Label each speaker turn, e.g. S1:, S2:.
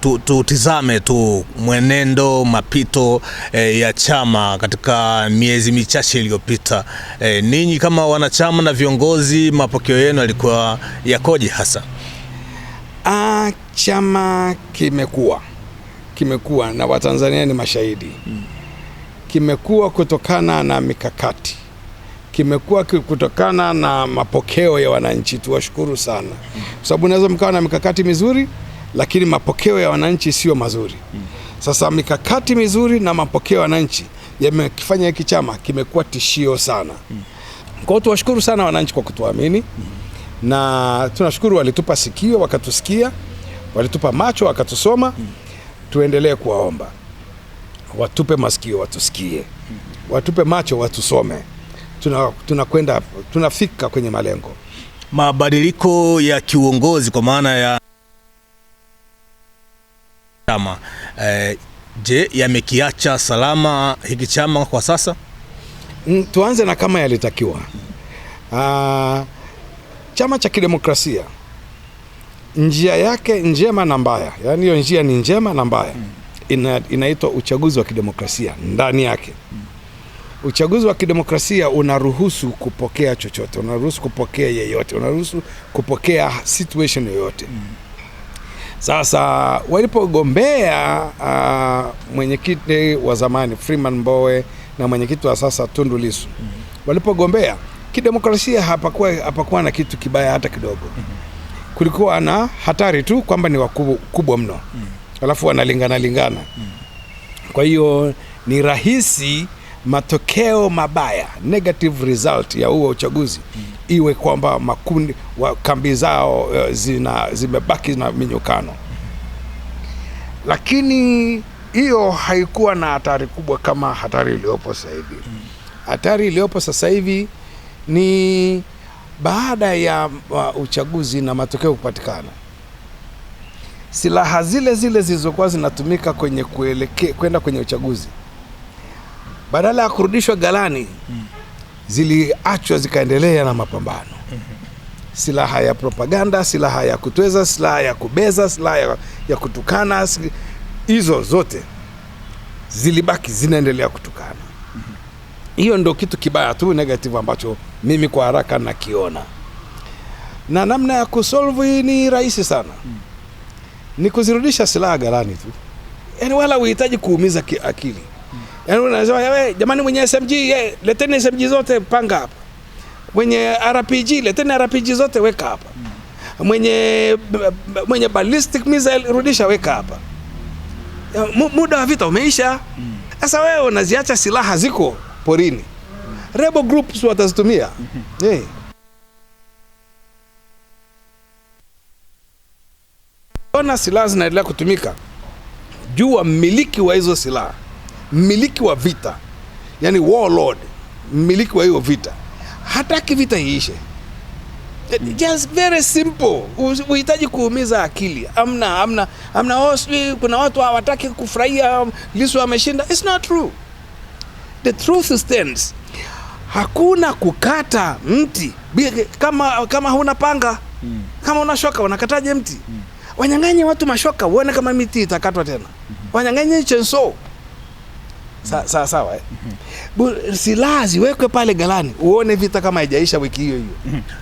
S1: tutizame tu, tu, tu mwenendo mapito e, ya chama katika miezi michache iliyopita e, ninyi kama wanachama na viongozi, mapokeo yenu yalikuwa yakoje hasa?
S2: A, ah, chama kimekuwa kimekuwa na Watanzania ni mashahidi hmm. Kimekuwa kutokana na mikakati kimekuwa kutokana na mapokeo ya wananchi. Tuwashukuru sana hmm. kwa sababu unaweza mkawa na mikakati mizuri lakini mapokeo ya wananchi sio mazuri. Sasa mikakati mizuri na mapokeo ya wananchi yamekifanya hiki chama kimekuwa tishio sana. Kwa hiyo tuwashukuru sana wananchi kwa kutuamini na tunashukuru walitupa sikio wakatusikia, walitupa macho wakatusoma. Tuendelee kuwaomba watupe masikio watusikie, watupe macho watusome. Tunakwenda tuna tunafika kwenye malengo.
S1: Mabadiliko ya kiuongozi kwa maana ya chama e, eh, je, yamekiacha salama hiki chama kwa sasa?
S2: Mm, tuanze na kama yalitakiwa. Aa, ah, chama cha kidemokrasia njia yake njema na mbaya, yaani hiyo njia ni njema na mbaya. Mm. Ina, inaitwa uchaguzi wa kidemokrasia ndani yake. Mm. Uchaguzi wa kidemokrasia unaruhusu kupokea chochote, unaruhusu kupokea yeyote, unaruhusu kupokea situation yoyote. Mm. Sasa walipogombea uh, mwenyekiti wa zamani Freeman Mbowe na mwenyekiti wa sasa Tundu Lissu mm -hmm. walipogombea kidemokrasia, hapakuwa hapakuwa na kitu kibaya hata kidogo mm -hmm. kulikuwa na hatari tu kwamba ni wakubwa mno mm -hmm. alafu wanalingana lingana mm -hmm. kwa hiyo ni rahisi matokeo mabaya, negative result ya huo uchaguzi mm. iwe kwamba makundi wa kambi zao eh, zina zimebaki na minyukano lakini hiyo haikuwa na hatari kubwa kama hatari iliyopo sasa hivi hatari iliyopo sasa hivi ni baada ya uchaguzi na matokeo kupatikana, silaha zile zile zilizokuwa zinatumika kwenye kuelekea kwenda kwenye uchaguzi badala ya kurudishwa galani mm. ziliachwa zikaendelea na mapambano mm -hmm. silaha ya propaganda, silaha ya kutweza, silaha ya kubeza, silaha ya, ya kutukana, hizo zote zilibaki zinaendelea kutukana mm hiyo -hmm. ndo kitu kibaya tu negative ambacho mimi kwa haraka nakiona, na namna ya kusolvu hii ni rahisi sana mm. ni kuzirudisha silaha galani tu, yaani wala uhitaji kuumiza akili Yaani unasema wewe jamani, mwenye SMG ye, leteni SMG zote panga hapa. Mwenye RPG leteni RPG zote weka hapa. Mwenye mwenye ballistic missile rudisha weka hapa. Muda wa vita umeisha. Sasa wewe unaziacha silaha ziko porini. Rebel groups watazitumia. Mm-hmm. Eh. Ona silaha zinaendelea kutumika. Jua mmiliki wa hizo silaha mmiliki wa vita, yani warlord, mmiliki wa hiyo vita hataki vita iishe. Just very simple, uhitaji kuumiza akili. Amna amna amna, oh, sijui kuna watu hawataki kufurahia Lissu ameshinda. It's not true, the truth stands. Hakuna kukata mti kama kama huna panga. mm. Kama una shoka unakataje mti? mm. Wanyang'anye watu mashoka, uone kama miti itakatwa tena. mm -hmm. Wanyang'anye chenso sawa sawa eh. mm -hmm. Silaha ziwekwe pale galani, uone vita kama haijaisha wiki hiyo hiyo. mm -hmm.